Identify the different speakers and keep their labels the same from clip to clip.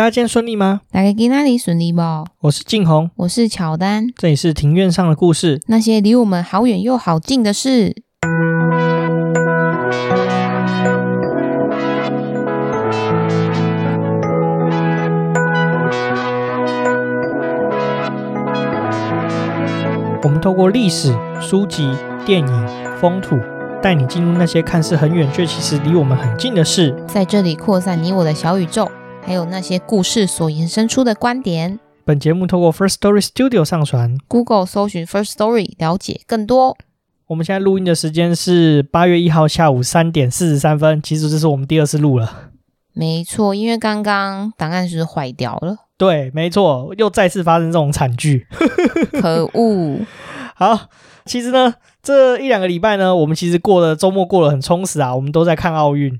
Speaker 1: 大家見順利嗎？大家今天順利嗎？大概在哪裡順利嗎？
Speaker 2: 我是靜紅，
Speaker 1: 我是喬丹。
Speaker 2: 這裡是庭院上的故事，
Speaker 1: 那些離我們好遠又好近的事。
Speaker 2: 我們透過歷史、書籍、電影、風土，帶你進入那些看似很遠卻其實離我們很近的事，在這裡擴散你我的小宇宙。還有那
Speaker 1: 些故事所延伸出的觀點。
Speaker 2: 本節目透過 First Story Studio 上傳，Google 搜尋 First Story 了解更多。我們現在錄音的時間是八月一號下午三點四十三分。其實這是我們第二次錄了。
Speaker 1: 沒錯，因為剛剛檔案是壞掉了。
Speaker 2: 對，沒錯，又再次發生這種慘劇，
Speaker 1: 可惡。
Speaker 2: 好，其實呢，這一兩個禮拜呢，我們其實過了週末過得很充實啊，我們都在看奧運。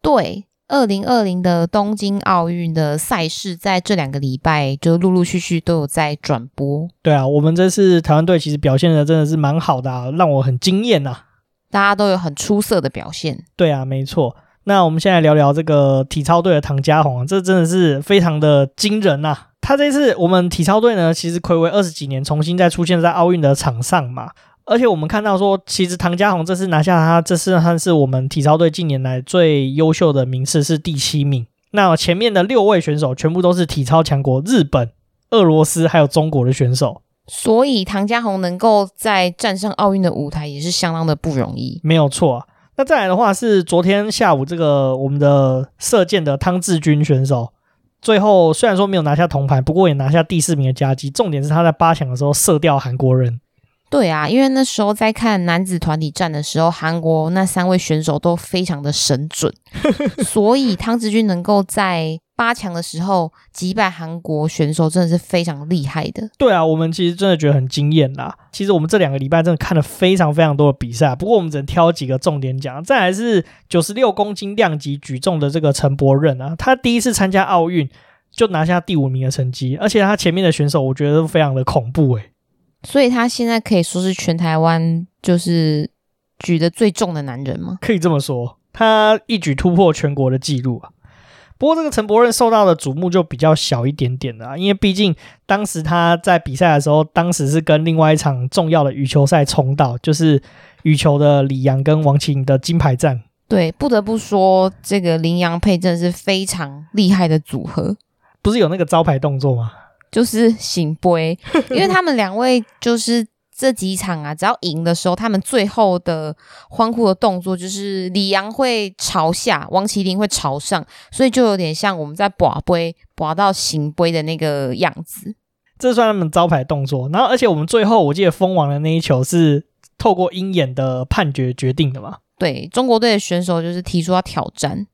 Speaker 1: 對。二零二零的東京奧運的賽事，在這兩個禮拜就陸陸續續都有在轉
Speaker 2: 播。對啊，我們這次台灣隊其實表現的真的是蠻好的、啊，讓我很驚豔吶！
Speaker 1: 大家都有很出色的
Speaker 2: 表現。對啊，沒錯。那我們現在聊聊這個體操隊的唐嘉鴻、啊，這真的是非常的驚人吶、啊！他這次我們體操隊呢，其實睽違二十幾年，重新再出現在奧運的場上嘛。而且我們看到說，其實唐嘉鴻這次拿下他，這次他是我們體操隊近年來最優秀的名次是第七名。那前面的六位選手全部都是體操強國——日本、俄羅斯還有中國的選手。
Speaker 1: 所以唐嘉鴻能夠在站上奧運的舞台也是相當的
Speaker 2: 不容易。沒有錯。那再來的話是昨天下午這個我們的射箭的湯智鈞選手，最後雖然說沒有拿下銅牌，不過也拿下第四名的佳績。重點是他在八強的時候射掉韓國人。
Speaker 1: 對啊，因為那時候在看男子團體戰的時候，韓國那三位選手都非常的神準， 所以湯智鈞能夠在八強的時候擊敗韓國選手，真的是非常厲害的。
Speaker 2: 對啊，我們其實真的覺得很驚豔啦。其實我們這兩個禮拜真的看了非常非常多的比賽，不過我們只能挑幾個重點講。再來是九十六公斤量級舉重的這個陳柏任啊，他第一次參加奧運就拿下第五名的成績，而且他前面的選手我覺得都非常的恐怖哎、欸。
Speaker 1: 所以他現在可以說是全台灣就是舉得最重的男人嗎？
Speaker 2: 可以這麼說，他一舉突破全國的紀錄啊！不過這個陳柏任受到的矚目就比較小一點點了，啊，因為畢竟當時他在比賽的時候，當時是跟另外一場重要的羽球賽撞到，就是羽球的李洋跟王齊麟的金牌戰。
Speaker 1: 對，不得不說這個麟洋配真的是非常
Speaker 2: 厲害的組合，不是有那個招牌動作嗎？就是行杯，
Speaker 1: 因為他們兩位就是這幾場啊， 只要贏的時候，他們最後的歡呼的動作就是李洋會朝下，王齊麟會朝上，所以就有點像我們在拔杯拔到行杯的那個樣子。
Speaker 2: 這算他們招牌動作。然後，而且我們最後我記得封王的那一球是透過鷹眼的判決決定的嘛？
Speaker 1: 對中國隊的選手就是提出要挑戰，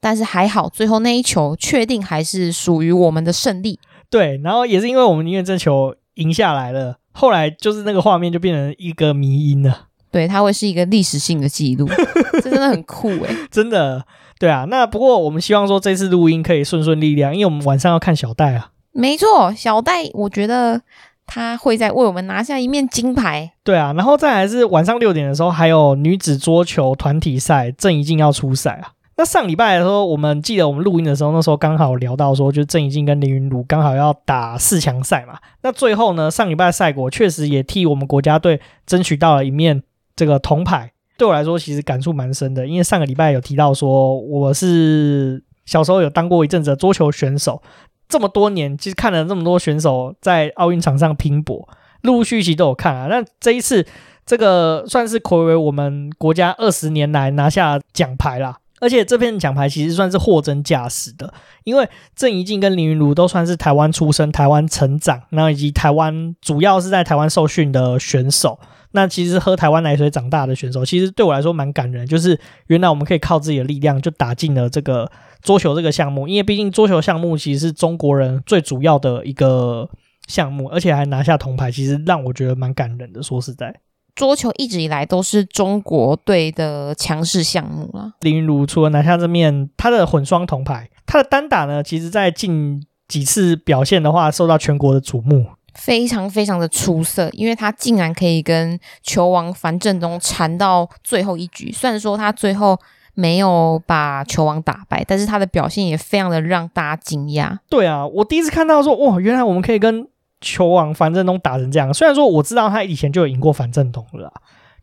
Speaker 1: 但是還好，最後那一球確定還是屬於我們的勝利。
Speaker 2: 對，然後也是因為我們因為這球贏下來了，後來就是那個畫面就變成一個迷因了。對，它會是一個歷史性的記錄， 這真的很酷哎，欸，真的。對啊，那不過我們希望說這次錄音可以順順利利，因為我們晚上要看小戴啊。
Speaker 1: 沒錯，小戴，我覺得他會再為我們拿下一面金牌。
Speaker 2: 對啊，然後再來是晚上六點的時候，還有女子桌球團體賽，鄭怡靜要出賽啊。那上禮拜的時候，我們記得我們錄音的時候，那時候剛好聊到說，就鄭怡靜跟林昀儒剛好要打四強賽嘛。那最後呢，上禮拜賽果確實也替我們國家隊爭取到了一面這個銅牌。對我來說，其實感觸蠻深的，因為上個禮拜有提到說，我是小時候有當過一陣子的桌球選手，這麼多年其實看了這麼多選手在奧運場上拼搏，陸陸續續都有看啊。那這一次，這個算是暌違我們國家二十年來拿下獎牌啦。而且這片獎牌其實算是貨真價實的，因為鄭怡靜跟林昀儒都算是台灣出生、台灣成長，然後以及台灣主要是在台灣受訓的選手，那其實喝台灣奶水長大的選手，其實對我來說蠻感人。就是原來我們可以靠自己的力量就打進了這個桌球這個項目，因為畢竟桌球項目其實是中國人最主要的一個項目，而且還拿下銅牌，其實讓我覺得蠻感人的。說實在。
Speaker 1: 桌球一直以來都是中國隊的強勢項目啊。
Speaker 2: 林昀儒除了拿下這面他的混雙銅牌，他的單打呢，其實在近幾次表現的話，受到全國的矚目，
Speaker 1: 非常非常的出色。因為他竟然可以跟球王樊振東纏到最後一局，雖然說他最後沒有把球王打敗，但是他的表現也非常的讓大家驚訝。
Speaker 2: 對啊，我第一次看到說，哇，原來我們可以跟。球王樊振東打成這樣，雖然說我知道他以前就有贏過樊振東了，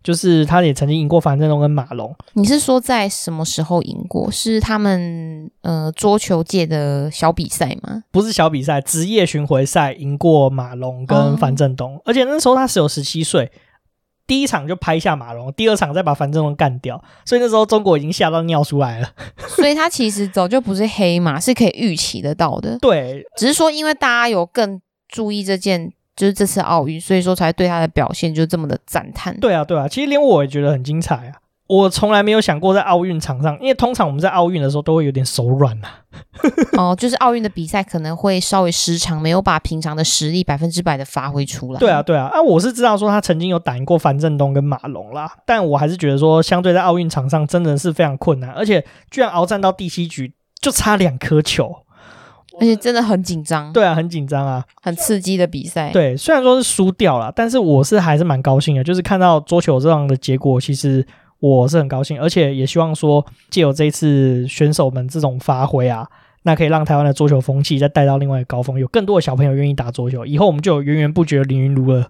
Speaker 2: 就是他也曾經贏過樊振東跟馬龍。你是
Speaker 1: 說在什麼時候贏過？是他們呃桌球界的小比賽
Speaker 2: 嗎？不是小比賽，職業巡迴賽贏過馬龍跟樊振東。哦？而且那時候他只有十七歲，第一場就拍下馬龍，第二場再把樊振東幹掉，所以那時候中國已經嚇到尿出來了。
Speaker 1: 所以他其實早就不是黑馬， 是可以預期得到的。對，只是說因為大家有更注意這件，就是這次奧運，所以說才對他的表現就這麼的讚嘆。
Speaker 2: 對啊，對啊，其實連我也覺得很精彩啊！我從來沒有想過在奧運場上，因為通常我們在奧運的時候都會有點手軟吶。
Speaker 1: 哦，就是奧運的比賽可能會稍微失常，沒有把平常的實力百分之百的發揮出來。對啊，
Speaker 2: 對啊，啊，我是知道說他曾經有打贏過樊振東跟馬龍啦，但我還是覺得說，相對在奧運場上真的是非常困難，而且居然鏖戰到第七局，就差兩顆球。
Speaker 1: 而且真的很緊張，對
Speaker 2: 啊，很緊張啊，很刺激的比賽。對，雖然說是輸掉了，但是我是還是蠻高興的，就是看到桌球這樣的結果，其實我是很高興，而且也希望說借由這一次選手們這種發揮啊，那可以讓台灣的桌球風氣再帶到另外一個高峰，有更多的小朋友願意打桌球，以後我們就有源源不絕的林昀儒了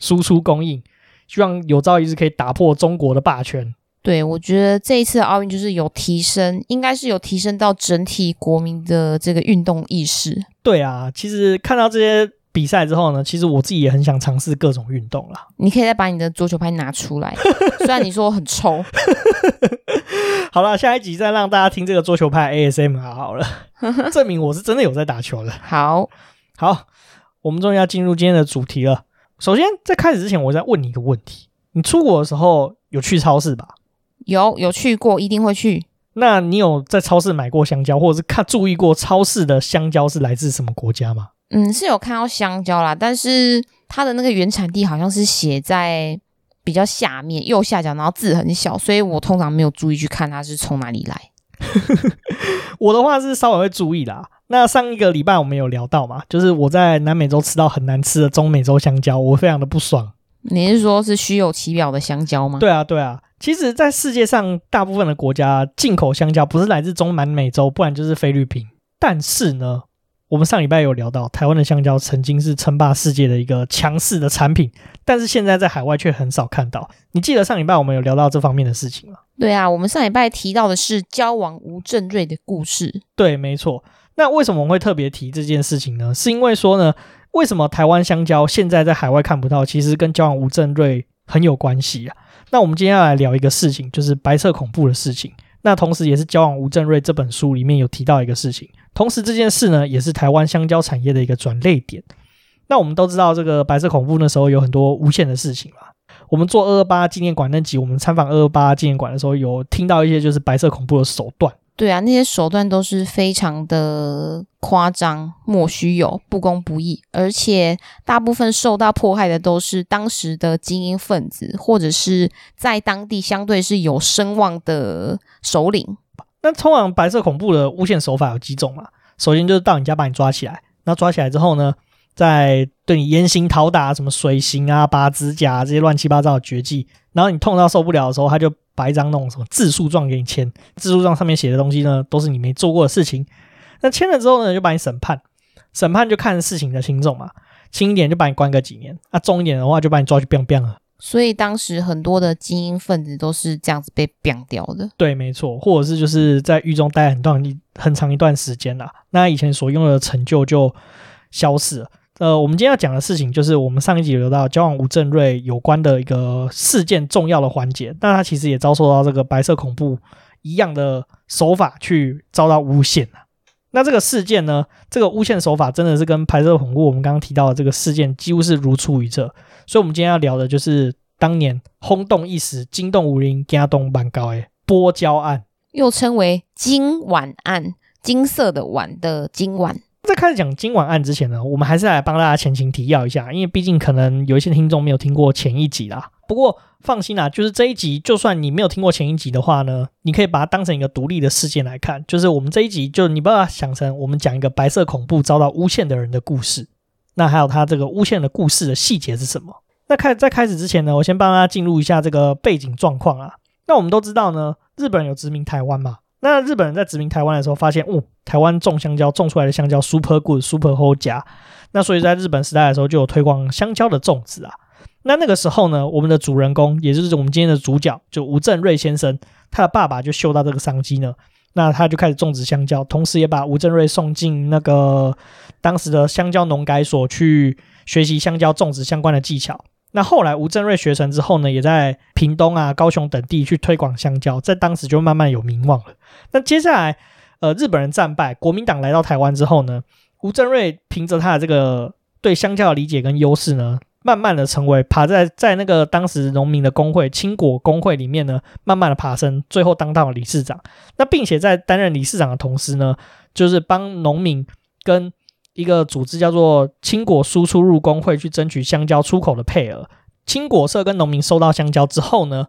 Speaker 2: 輸出供應，希望有朝一日可以打破中國的霸權。
Speaker 1: 對，我覺得這一次奧運就是有提升，應該是有提升到整體國民的這個運動意
Speaker 2: 識。對啊，其實看到這些比賽之後呢，其實我自己也很想嘗試各種運動啦。
Speaker 1: 你可以再把你的桌球拍拿出來， 雖然你說我很醜。
Speaker 2: 好了，下一集再讓大家聽這個桌球拍 ASMR 啊，好了， 證明我是真的有在打球了。好，好，我們終於要進入今天的主題了。首先，在開始之前，我再問你一個問題：你出國的時候有去超市吧？有有去過，一定會去。那你有在超市買過香蕉，或者是看注意過超市的香蕉是來自什麼國家嗎？
Speaker 1: 嗯，是有看到香蕉啦，但是它的那個原產地好像是寫在比較下面右下角，然後字很小，所以我通常沒有注意去看它是從哪裡
Speaker 2: 來。 我的話是稍微會注意啦。那上一個禮拜我們有聊到嘛，就是我在南美洲吃到很難吃的中美洲香蕉，我非常的不爽。
Speaker 1: 你是說是虛有其表的香蕉嗎？對啊，對啊。
Speaker 2: 其實，在世界上大部分的國家，進口香蕉不是來自中南美洲，不然就是菲律賓。但是呢，我們上禮拜有聊到台灣的香蕉曾經是稱霸世界的一個強勢的產品，但是現在在海外卻很少看到。你記得上禮拜我們有聊到這方面的事情嗎？
Speaker 1: 對啊，我們上禮拜提到的是蕉王吳振瑞的故事。
Speaker 2: 對，沒錯。那為什麼我們會特別提這件事情呢？是因為說呢，為什麼台灣香蕉現在在海外看不到？其實跟蕉王吳振瑞很有關係啊。那我們今天要來聊一個事情，就是白色恐怖的事情。那同時也是蕉王吳振瑞這本書裡面有提到一個事情，同時這件事呢也是台灣香蕉產業的一個轉捩點。那我們都知道這個白色恐怖那時候有很多誣陷的事情嘛。我們做二二八紀念館那集，我們參訪二二八紀念館的時候，有聽到一些就是白色恐怖的手段。
Speaker 1: 對啊，那些手段都是非常的誇張、莫須有、不公不義，而且大部分受到迫害的都是當時的精英分子，或者是在當地相對是有聲望的
Speaker 2: 首領。那通往白色恐怖的誣陷手法有幾種啊？首先就是到你家把你抓起來，那抓起來之後呢？在對你嚴刑拷打，什麼水刑啊、拔指甲、啊、這些亂七八糟的絕技，然後你痛到受不了的時候，他就把一張那種什麼自訴狀給你簽。自訴狀上面寫的東西呢，都是你沒做過的事情。那簽了之後呢，就把你審判，審判就看事情的輕重嘛，輕一點就把你關個幾年，那、啊、重一點的話就把你抓去斃斃了。
Speaker 1: 所以當時很多的精英分子都是這樣子被斃掉的。
Speaker 2: 對，沒錯，或者是就是在獄中待了很段、很長一段時間啦，那以前所擁有的成就就消失了。呃，我們今天要講的事情，就是我們上一集聊到蕉王吳振瑞有關的一個事件，重要的環節，那他其實也遭受到這個白色恐怖一樣的手法去遭到誣陷、啊、那這個事件呢，這個誣陷手法真的是跟白色恐怖我們剛剛提到的這個事件幾乎是如出一轍。所以，我們今天要聊的就是當年轟動一時、驚動武林、驚動萬教，的剝蕉案，
Speaker 1: 又稱為金碗案，金色的碗的金碗。
Speaker 2: 在開始講金碗案之前呢，我們還是來幫大家前情提要一下，因為畢竟可能有一些聽眾沒有聽過前一集啦。不過放心啦，就是這一集，就算你沒有聽過前一集的話呢，你可以把它當成一個獨立的事件來看。就是我們這一集，就你把它想成我們講一個白色恐怖遭到誣陷的人的故事。那還有他這個誣陷的故事的細節是什麼？那開在開始之前呢，我先幫大家進入一下這個背景狀況啊。那我們都知道呢，日本有殖民台灣嘛。那日本人在殖民台灣的時候，發現，哦、嗯，台灣種香蕉，種出來的香蕉 super good，super 好呷。那所以在日本時代的時候，就有推廣香蕉的種植啊。那那個時候呢，我們的主人公，也就是我們今天的主角，就吳振瑞先生，他的爸爸就嗅到這個商機呢，那他就開始種植香蕉，同時也把吳振瑞送進那個當時的香蕉農改所去學習香蕉種植相關的技巧。那後來吳振瑞學成之後呢，也在屏東啊、高雄等地去推廣香蕉，在當時就慢慢有名望了。那接下來，呃，日本人戰敗，國民黨來到台灣之後呢，吳振瑞憑着他的這個對香蕉的理解跟優勢呢，慢慢的成為爬在在那個當時農民的工會，青果工會裡面呢，慢慢的爬升，最後當到了理事長。那並且在擔任理事長的同時呢，就是幫農民跟。一個組織叫做青果輸出入工會，去爭取香蕉出口的配額。青果社跟農民收到香蕉之後呢，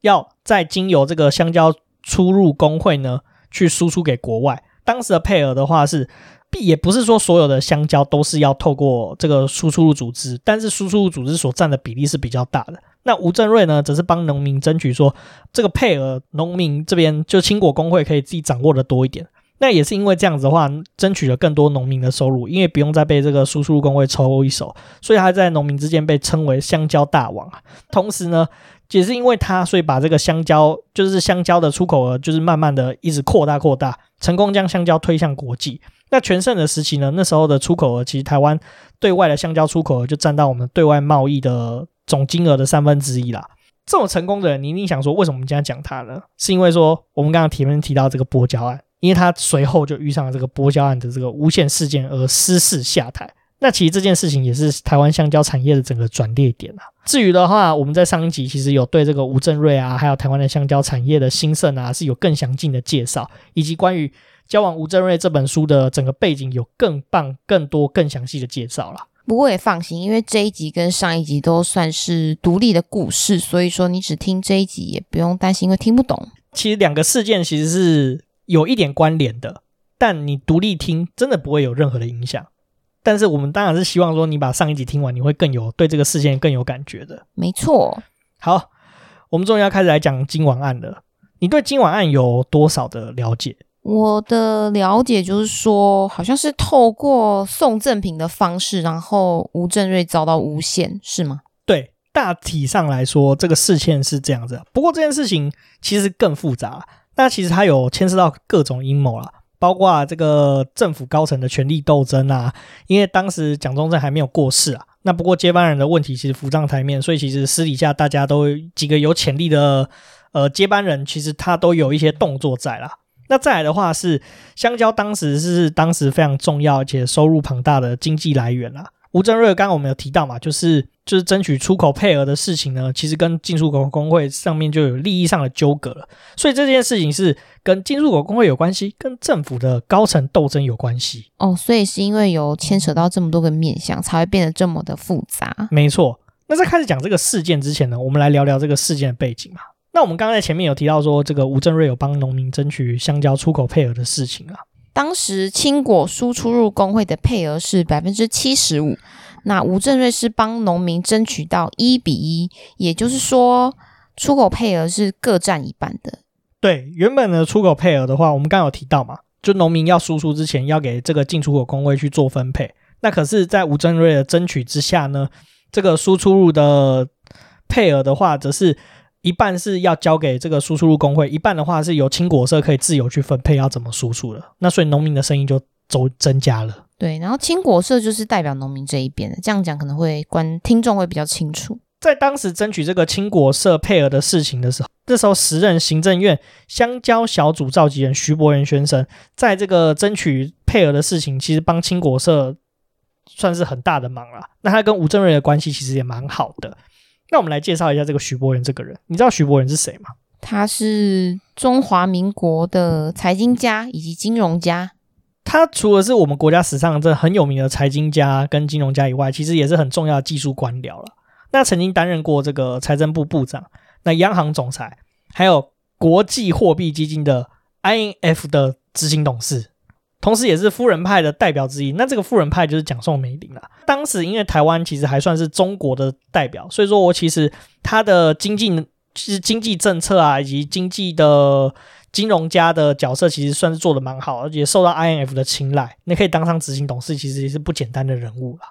Speaker 2: 要再經由這個香蕉出入工會呢，去輸出給國外。當時的配額的話是，也不是說所有的香蕉都是要透過這個輸出入組織，但是輸出入組織所佔的比例是比較大的。那吳正瑞呢，則是幫農民爭取說，這個配額農民這邊就青果工會可以自己掌握的多一點。那也是因為這樣子的話，爭取了更多農民的收入，因為不用再被這個輸出工會抽一手，所以他在農民之間被稱為香蕉大王啊。同時呢，也是因為他，所以把這個香蕉，就是香蕉的出口額，就是慢慢的一直擴大擴大，成功將香蕉推向國際。那全盛的時期呢，那時候的出口額，其實台灣對外的香蕉出口額就占到我們對外貿易的總金額的三分之一啦。這麼成功的人，你一定想說，為什麼我們今天講他呢？是因為說我們剛剛前面提到這個剝蕉案。因為他隨後就遇上了這個剝蕉案的這個誣陷事件，而失勢下台。那其實這件事情也是台灣香蕉產業的整個轉捩點啊。至於的話，我們在上一集其實有對這個吳振瑞啊，還有台灣的香蕉產業的興盛啊，是有更詳盡的介紹，以及關於蕉王吳振瑞這本書的整個背景，有更棒、更多、更詳細的介紹了。
Speaker 1: 不過也放心，因為這一集跟上一集都算是獨立的故事，所以說你只聽這一集也不用擔心，因為聽不懂。
Speaker 2: 其實兩個事件其實是。有一點關聯的，但你獨立聽真的不會有任何的影響。但是我們當然是希望說，你把上一集聽完，你會更有對這個事件更有感覺的。沒錯。好，我們終於要開始來講金碗案了。你對金碗案有多少的了解？
Speaker 1: 我的了解就是說，好像是透過送贈品的方式，然後吳振瑞遭到誣陷，是嗎？
Speaker 2: 對，大體上來說，這個事件是這樣子。不過這件事情其實更複雜。那其實它有牽涉到各種陰謀啦，包括這個政府高層的權力鬥爭啊。因為當時蔣中正還沒有過世啊，那不過接班人的問題其實浮上台面，所以其實私底下大家都幾個有潛力的呃接班人，其實他都有一些動作在啦。那再來的話是香蕉，當時是當時非常重要且收入龐大的經濟來源啦啊。吳振瑞剛剛我們有提到嘛，就是就是爭取出口配額的事情呢，其實跟進出口公會上面就有利益上的糾葛了，所以這件事情是跟進出口公會有關係，跟政府的高層鬥爭有關係。
Speaker 1: 哦，所以是因為有牽扯到這麼多個面向，才會變得這麼的複雜。
Speaker 2: 沒錯，那在開始講這個事件之前呢，我們來聊聊這個事件的背景嘛。那我們剛剛在前面有提到說，這個吳振瑞有幫農民爭取香蕉出口配額的事情啊。
Speaker 1: 當時青果輸出入工會的配額是百分之七十五，那吳振瑞是幫農民爭取到一比一，也就是說出口配額是各占一半的。
Speaker 2: 對，原本的出口配額的話，我們剛剛有提到嘛，就農民要輸出之前要給這個進出口工會去做分配。那可是，在吳振瑞的爭取之下呢，這個輸出入的配額的話，則是。一半是要交給這個輸出入工會，一半的話是由青果社可以自由去分配要怎麼輸出的，那所以農民的聲音就增增加了。
Speaker 1: 對，然後青果社就是代表農民這一邊的，這樣講可能會關聽眾會比較清楚。
Speaker 2: 在當時爭取這個青果社配額的事情的時候，這時候時任行政院香蕉小組召集人徐柏園先生，在這個爭取配額的事情，其實幫青果社算是很大的忙了。那他跟吳振瑞的關係其實也蠻好的。那我們來介紹一下這個徐柏園這個人，你知道徐柏園是誰嗎？
Speaker 1: 他是中華民國的財經家以及金融家。
Speaker 2: 他除了是我們國家史上這很有名的財經家跟金融家以外，其實也是很重要的技術官僚了。那曾經擔任過這個財政部部長、那央行總裁，還有國際貨幣基金的 IMF 的執行董事。同時，也是夫人派的代表之一。那這個夫人派就是蔣宋美齡了。當時，因為台灣其實還算是中國的代表，所以說我其實他的經濟其實經濟政策啊，以及經濟的金融家的角色，其實算是做得蠻好，而且受到 IMF 的青睞。你可以當上執行董事，其實也是不簡單的人物啦。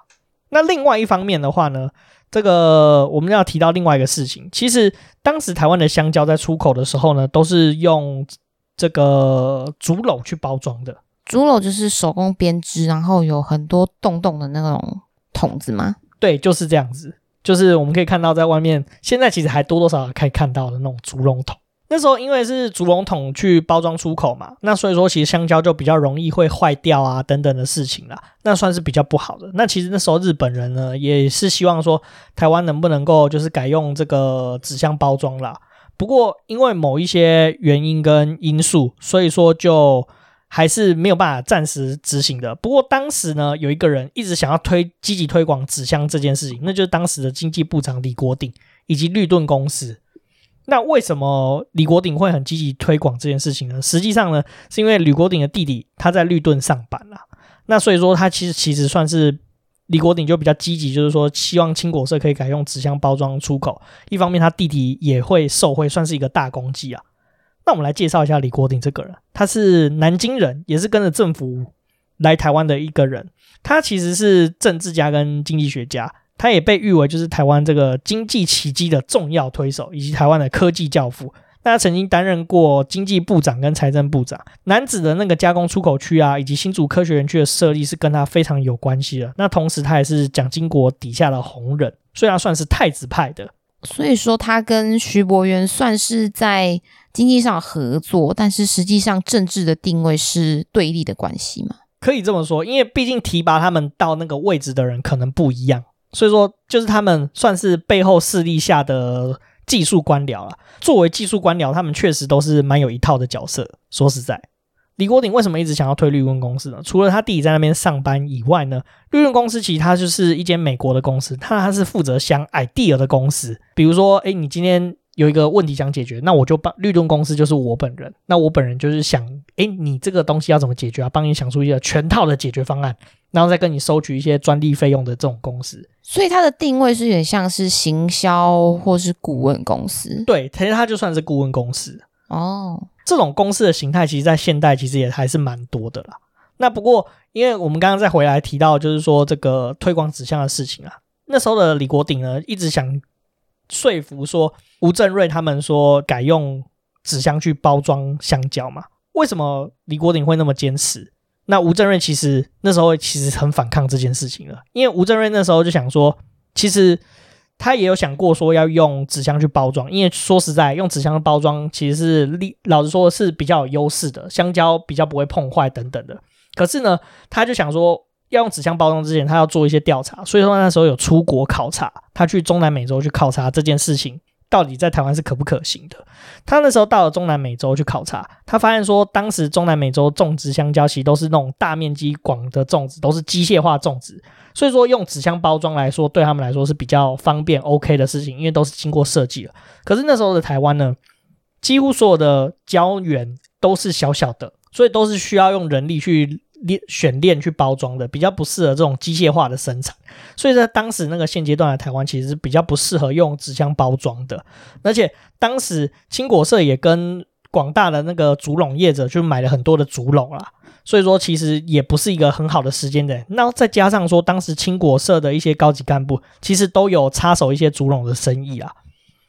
Speaker 2: 那另外一方面的話呢，這個我們要提到另外一個事情。其實當時台灣的香蕉在出口的時候呢，都是用這個竹簍去包裝的。
Speaker 1: 竹簍就是手工編織，然後有很多洞洞的那種桶子嗎？
Speaker 2: 對，就是這樣子。就是我們可以看到在外面，現在其實還多多少少可以看到的那種竹籠桶。那時候因為是竹籠桶去包裝出口嘛，那所以說其實香蕉就比較容易會壞掉啊等等的事情啦。那算是比較不好的。那其實那時候日本人呢，也是希望說台灣能不能夠就是改用這個紙箱包裝啦。不過因為某一些原因跟因素，所以說就。還是沒有辦法暫時執行的。不過當時呢，有一個人一直想要推積極推廣紙箱這件事情，那就是當時的經濟部長李國鼎以及綠盾公司。那為什麼李國鼎會很積極推廣這件事情呢？實際上呢，是因為李國鼎的弟弟他在綠盾上班啦、啊。那所以說他其實其實算是李國鼎就比較積極，就是說希望青果社可以改用紙箱包裝出口。一方面他弟弟也會受惠，算是一個大功績啊。那我們來介紹一下李國鼎這個人，他是南京人，也是跟着政府來台灣的一個人。他其實是政治家跟經濟學家，他也被譽為就是台灣這個經濟奇蹟的重要推手，以及台灣的科技教父。那他曾經擔任過經濟部長跟財政部長，楠梓的那個加工出口區啊，以及新竹科學園區的設立是跟他非常有關係的。那同時，他也是蔣經國底下的紅人，所以他算是太子派的。
Speaker 1: 所以說，他跟徐柏園，算是在。經濟上合作，但是實際上政治的定位是對立的關係嘛？
Speaker 2: 可以這麼說，因為畢竟提拔他們到那個位置的人可能不一樣，所以說就是他們算是背後勢力下的技術官僚了。作為技術官僚，他們確實都是蠻有一套的角色。說實在，李國鼎為什麼一直想要推綠潤公司呢？除了他弟弟在那邊上班以外呢？綠潤公司其實他就是一間美國的公司，他他是負責想 idea 的公司，比如說，哎，你今天。有一個問題想解決，那我就幫律動公司，就是我本人。那我本人就是想，誒，你這個東西要怎麼解決啊？幫你想出一個全套的解決方案，然後再跟你收取一些專利費用的這種公司。
Speaker 1: 所以它的定位是有點像是行銷
Speaker 2: 或是顧問公司。對，其實它就算是顧問公司。哦、oh.，這種公司的形態，其實在現代其實也還是蠻多的啦。那不過，因為我們剛剛再回來提到，就是說這個推廣紙箱的事情啊，那時候的李國鼎呢，一直想。說服說吳振瑞他們說改用紙箱去包裝香蕉嘛。為什麼李國鼎會那麼堅持？那吳振瑞其實那時候其實很反抗這件事情了，因為吳振瑞那時候就想說，其實他也有想過說要用紙箱去包裝，因為說實在，用紙箱包裝其實是利，老實說是比較有優勢的，香蕉比較不會碰壞等等的。可是呢，他就想說。要用紙箱包裝之前，他要做一些調查。所以說那時候有出國考察，他去中南美洲去考察這件事情到底在台灣是可不可行的。他那時候到了中南美洲去考察，他發現說當時中南美洲種植香蕉其實都是那種大面積廣的種植，都是機械化種植。所以說用紙箱包裝來說，對他們來說是比較方便 OK 的事情，因為都是經過設計了。可是那時候的台灣呢，幾乎所有的蕉園都是小小的，所以都是需要用人力去。選鏈去包裝的比較不適合這種機械化的生產，所以在當時那個現階段的台灣其實是比較不適合用紙箱包裝的，而且當時青果社也跟廣大的那個竹籠業者去買了很多的竹籠啦，所以說其實也不是一個很好的時間點。那再加上說當時青果社的一些高級幹部其實都有插手一些竹籠的生意啊，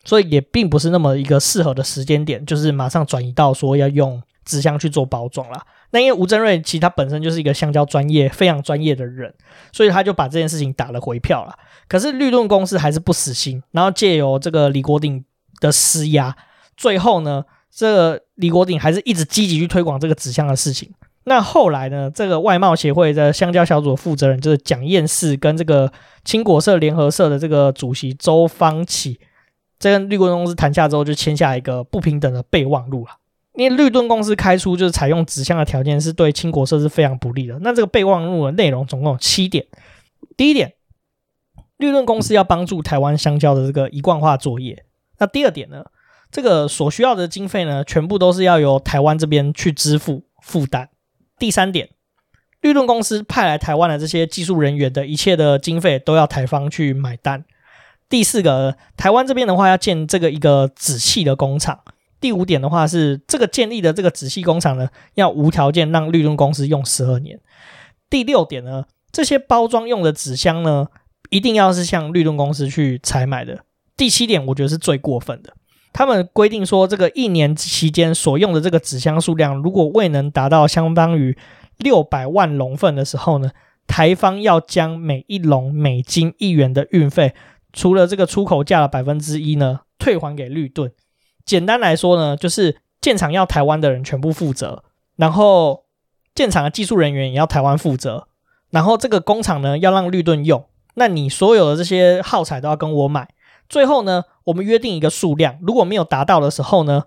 Speaker 2: 所以也並不是那麼一個適合的時間點，就是馬上轉移到說要用紙箱去做包裝啦。那因為吳振瑞其實他本身就是一個香蕉專業、非常專業的人，所以他就把這件事情打了回票了。可是綠盾公司還是不死心，然後借由這個李國鼎的施壓，最後呢，這個李國鼎還是一直積極去推廣這個紙箱的事情。那後來呢，這個外貿協會的香蕉小組的負責人就是蔣彥士，跟這個青果社聯合社的這個主席周芳啟，在跟綠盾公司談下之後，就簽下一個不平等的備忘錄了。因為綠盾公司開出就是採用紙箱的條件，是對青果社是非常不利的。那這個備忘錄的內容總共有七點。第一點，綠盾公司要幫助台灣香蕉的這個一貫化作業。那第二點呢，這個所需要的經費呢，全部都是要由台灣這邊去支付負擔。第三點，綠盾公司派來台灣的這些技術人員的一切的經費都要台方去買單。第四個，台灣這邊的話要建這個一個紙器的工廠。第五點的話是，這個建立的這個紙器工廠呢，要無條件讓綠盾公司用十二年。第六點呢，這些包裝用的紙箱呢，一定要是向綠盾公司去採買的。第七點，我覺得是最過分的，他們規定說，這個一年期間所用的這個紙箱數量，如果未能達到相當於六百萬籠份的時候呢，台方要將每一籠美金一元的運費，除了這個出口價的百分之一呢，退還給綠盾。簡單來說呢，就是建廠要台灣的人全部負責，然後建廠的技術人員也要台灣負責，然後這個工廠呢要讓綠盾用，那你所有的這些耗材都要跟我買。最後呢，我們約定一個數量，如果沒有達到的時候呢，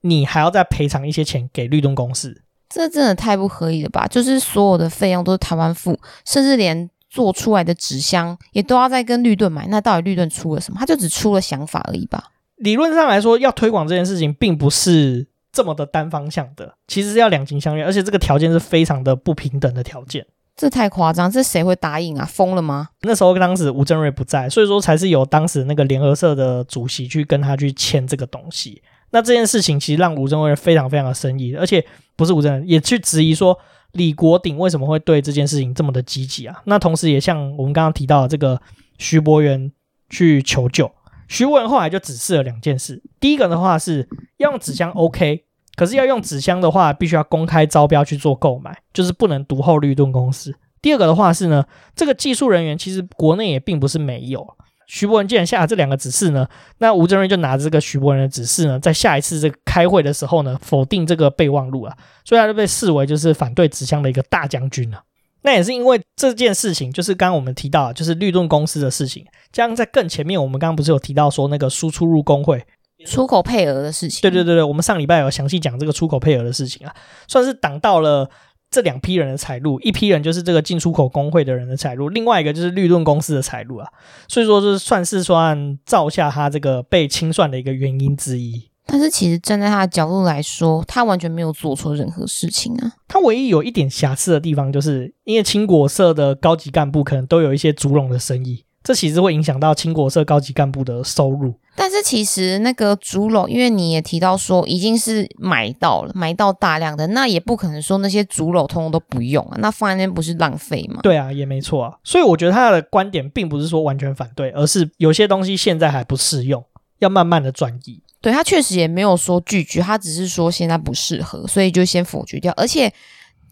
Speaker 2: 你還要再賠償一些錢給綠盾公司。
Speaker 1: 這真的太不合理了吧？就是所有的費用都是台灣付，甚至連做出來的紙箱也都要再跟綠盾買。那到底綠盾出了什麼？他就只出了想法而已吧。
Speaker 2: 理論上來說，要推廣這件事情並不是這麼的單方向的，其實是要兩情相悅，而且這個條件是非常的不平等的條件，
Speaker 1: 這太誇張，這誰會答應啊？瘋了嗎？
Speaker 2: 那時候當時吳振瑞不在，所以說才是由當時那個聯合社的主席去跟他去簽這個東西。那這件事情其實讓吳振瑞非常非常的生疑，而且不是吳振瑞也去質疑說李國鼎為什麼會對這件事情這麼的積極啊？那同時也向我們剛剛提到的這個徐博元去求救。徐博文後來就指示了兩件事，第一個的話是要用紙箱，OK，可是要用紙箱的話，必須要公開招標去做購買，就是不能獨厚綠盾公司。第二個的話是呢，這個技術人員其實國內也並不是沒有。徐博文既然下了這兩個指示呢，那吳振瑞就拿着這個徐博文的指示呢，在下一次這個開會的時候呢，否定這個備忘錄啊，所以他就被視為就是反對紙箱的一個大將軍了，啊。那也是因為這件事情，就是剛剛我們提到，就是綠盾公司的事情。這樣在更前面，我們剛剛不是有提到說那個輸出入工會、出口配額的事情？對對對對，我們上禮拜有詳細講這個出口配額的事情啊，算是擋到了這兩批人的財路，一批人就是這個進出口工會的人的財路，另外一個就是綠盾公司的財路啊，所以說就是算是算造下他這個被清算的一個原因之一。
Speaker 1: 但是，其實站在他的角度來說，他完全沒有做錯任何事情啊。
Speaker 2: 他唯一有一點瑕疵的地方，就是因為青果社的高級幹部可能都有一些竹簍的生意，這其實會影響到青果社高級幹部的收入。
Speaker 1: 但是，其實那個竹簍，因為你也提到說已經是買到了，買到大量的，那也不可能說那些竹簍通通都不用啊，那放在那邊不是浪費嗎？對啊，也
Speaker 2: 沒錯啊。所以，我覺得他的觀點並不是說完全反對，而是有些東西現在還不適用，要慢慢的轉移。對，他確實也沒有說拒絕，他只是說現在不適合，
Speaker 1: 所以就先否決掉。而且，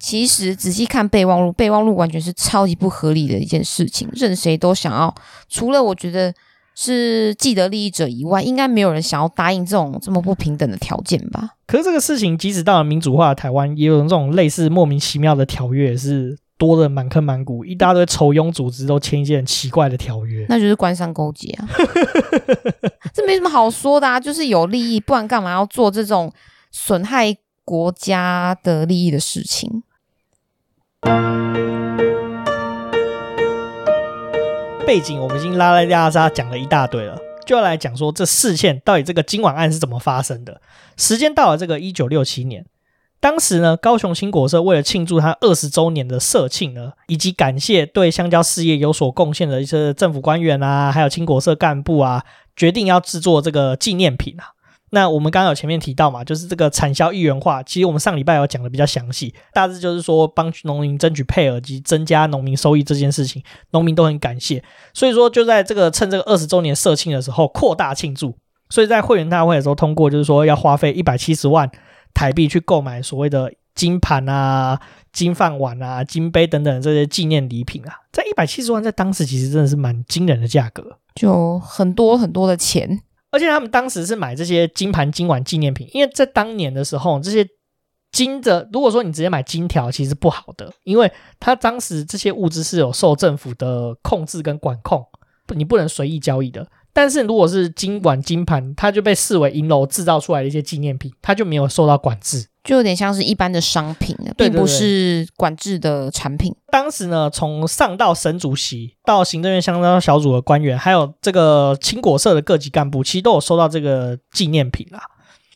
Speaker 1: 其實仔細看備忘錄，備忘錄完全是超級不合理的一件事情。任誰都想要，除了我覺得是既得利益者以外，應該沒有人想要答應這種這麼不平等的條件吧？
Speaker 2: 可是這個事情，即使到了民主化的台灣，也有這種類似莫名其妙的條約是。多的滿坑滿谷，一大堆酬庸組織都簽一些很奇怪的條約，那
Speaker 1: 就是官商勾結啊， 這沒什麼好說的啊，就是有利益，不然幹嘛要做這種損害國家的利益的事情？
Speaker 2: 背景我們已經拉拉雜雜講了一大堆了，就要來講說，這事件到底這個金碗案是怎麼發生的？時間到了這個一九六七年。當時呢，高雄青果社為了慶祝他二十周年的社慶呢，以及感謝對香蕉事業有所貢獻的一些政府官員啊，還有青果社幹部啊，決定要制作這個紀念品啊。那我們剛剛有前面提到嘛，就是這個產銷一元化。其實我們上禮拜有講的比較詳細，大致就是說幫農民爭取配額及增加農民收益這件事情，農民都很感謝。所以說就在這個趁這個二十周年社慶的時候擴大慶祝，所以在會員大會的時候通過，就是說要花費一百七十萬。台幣去購買所謂的金盤啊、金飯碗啊、金杯等等這些紀念禮品啊，在一百七十萬在當時其實真的是蠻驚人的價格，就很多很多的錢，而且他們當時是買這些金盤、金碗紀念品，因為在當年的時候，這些金的如果說你直接買金條，其實不好的，因為他當時這些物資是有受政府的控制跟管控，你不能隨意交易的。但是如果是金碗金盤，它就被視為銀樓制造出來的一些紀念品，它就沒有受到管制，就有
Speaker 1: 點像是一般的商品，並不是
Speaker 2: 管制的產品。對對對。當時呢，從上到省主席，到行政院相關小組的官員，還有這個青果社的各級幹部，其實都有收到這個紀念品啦。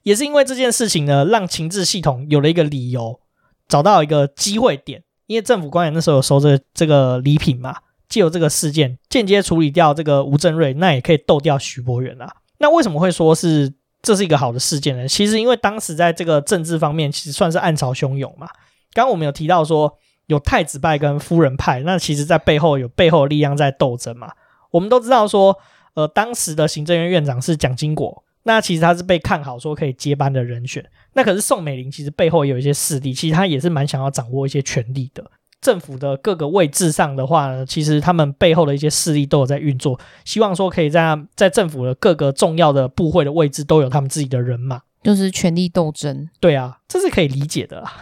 Speaker 2: 也是因為這件事情呢，讓情治系統有了一個理由，找到一個機會點，因為政府官員那時候有收這這個禮品嘛。借由這個事件，間接處理掉這個吳振瑞，那也可以鬥掉徐柏園啊。那為什麼會說是這是一個好的事件呢？其實因為當時在這個政治方面，其實算是暗潮洶湧嘛。剛剛我們有提到說有太子派跟夫人派，那其實在背後有背後的力量在鬥爭嘛。我們都知道說，呃，當時的行政院院長是蔣經國，那其實他是被看好說可以接班的人選。那可是宋美齡其實背後有一些勢力，其實她也是蠻想要掌握一些權力的。政府的各個位置上的話呢，其實他們背後的一些勢力都有在運作，希望說可以在在政府的各個重要的部會的位置都有他們自己的人馬，
Speaker 1: 就是權力鬥爭。
Speaker 2: 對啊，這是可以理解的啦。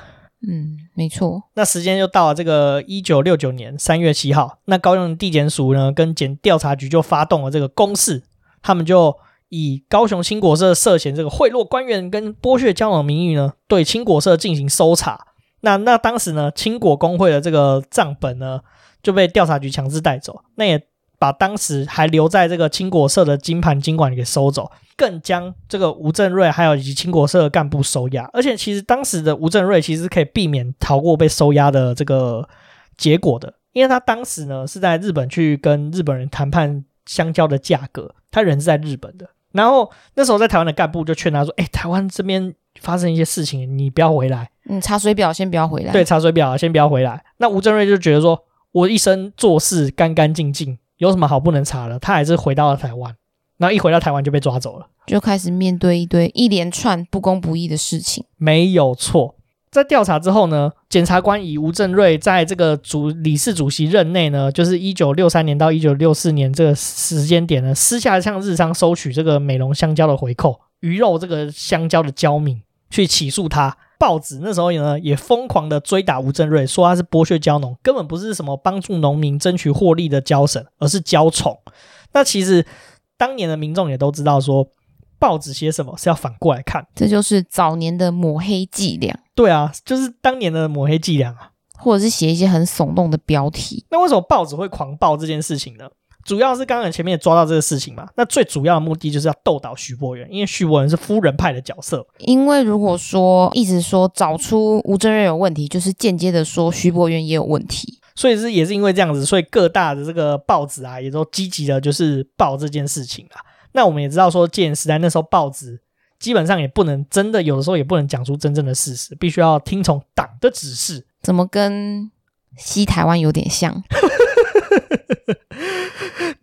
Speaker 2: 嗯，沒錯。那時間就到了這個一九六九年三月七號，那高雄地檢署呢跟檢調查局就發動了這個攻勢，他們就以高雄青果社涉嫌這個賄賂官員跟剝削交往名義呢，對青果社進行搜查。那那當時呢，青果公會的這個賬本呢，就被調查局強制帶走。那也把當時還留在這個青果社的金盤金碗裡給收走，更將這個吳振瑞還有以及青果社的幹部收押。而且其實當時的吳振瑞其實是可以避免逃過被收押的這個結果的，因為他當時呢是在日本去跟日本人談判香蕉的價格，他人是在日本的。然後那時候在台灣的幹部就勸他說：“誒、欸，台灣這邊發生一些事情，你不要回來。”
Speaker 1: 嗯，查水表先不要回來。對，查
Speaker 2: 水表先不要回來。那吳振瑞就覺得說，我一生做事乾乾淨淨，有什麼好不能查的？他還是回到了台灣，然後一回到台灣就被抓走了，
Speaker 1: 就開始面對一堆一連串不公不義的事情。
Speaker 2: 沒有錯，在調查之後呢，檢察官以吳振瑞在這個主理事主席任內呢，就是一九六三年到一九六四年這個時間點呢，私下向日商收取這個美容香蕉的回扣，魚肉這個香蕉的蕉民去起訴他。報紙那時候呢，也瘋狂的追打吳振瑞，說他是剝削蕉農，根本不是什麼幫助農民爭取獲利的蕉神，而是蕉蟲。那其實當年的民眾也都知道說，說報紙寫什麼是要反過來看，
Speaker 1: 這就是早年的抹黑伎倆。
Speaker 2: 對啊，就是當年的抹黑伎倆啊，或者是寫一些很聳動的標題。那為什麼報紙會狂報這件事情呢？主要是剛剛前面也抓到這個事情嘛，那最主要的目的就是要鬥倒徐柏園，因為徐柏園是夫人派的角色。
Speaker 1: 因為如果說一直說找出吳振瑞有問題，就是間接的說徐柏園也有問題。
Speaker 2: 所以是也是因為這樣子，所以各大的這個報紙啊，也都積極的，就是報這件事情啊。那我們也知道說，建時代那時候報紙基本上也不能真的，有的時候也不能講出真正的事實，必須要聽從黨的指示。
Speaker 1: 怎麼跟西台灣有點像？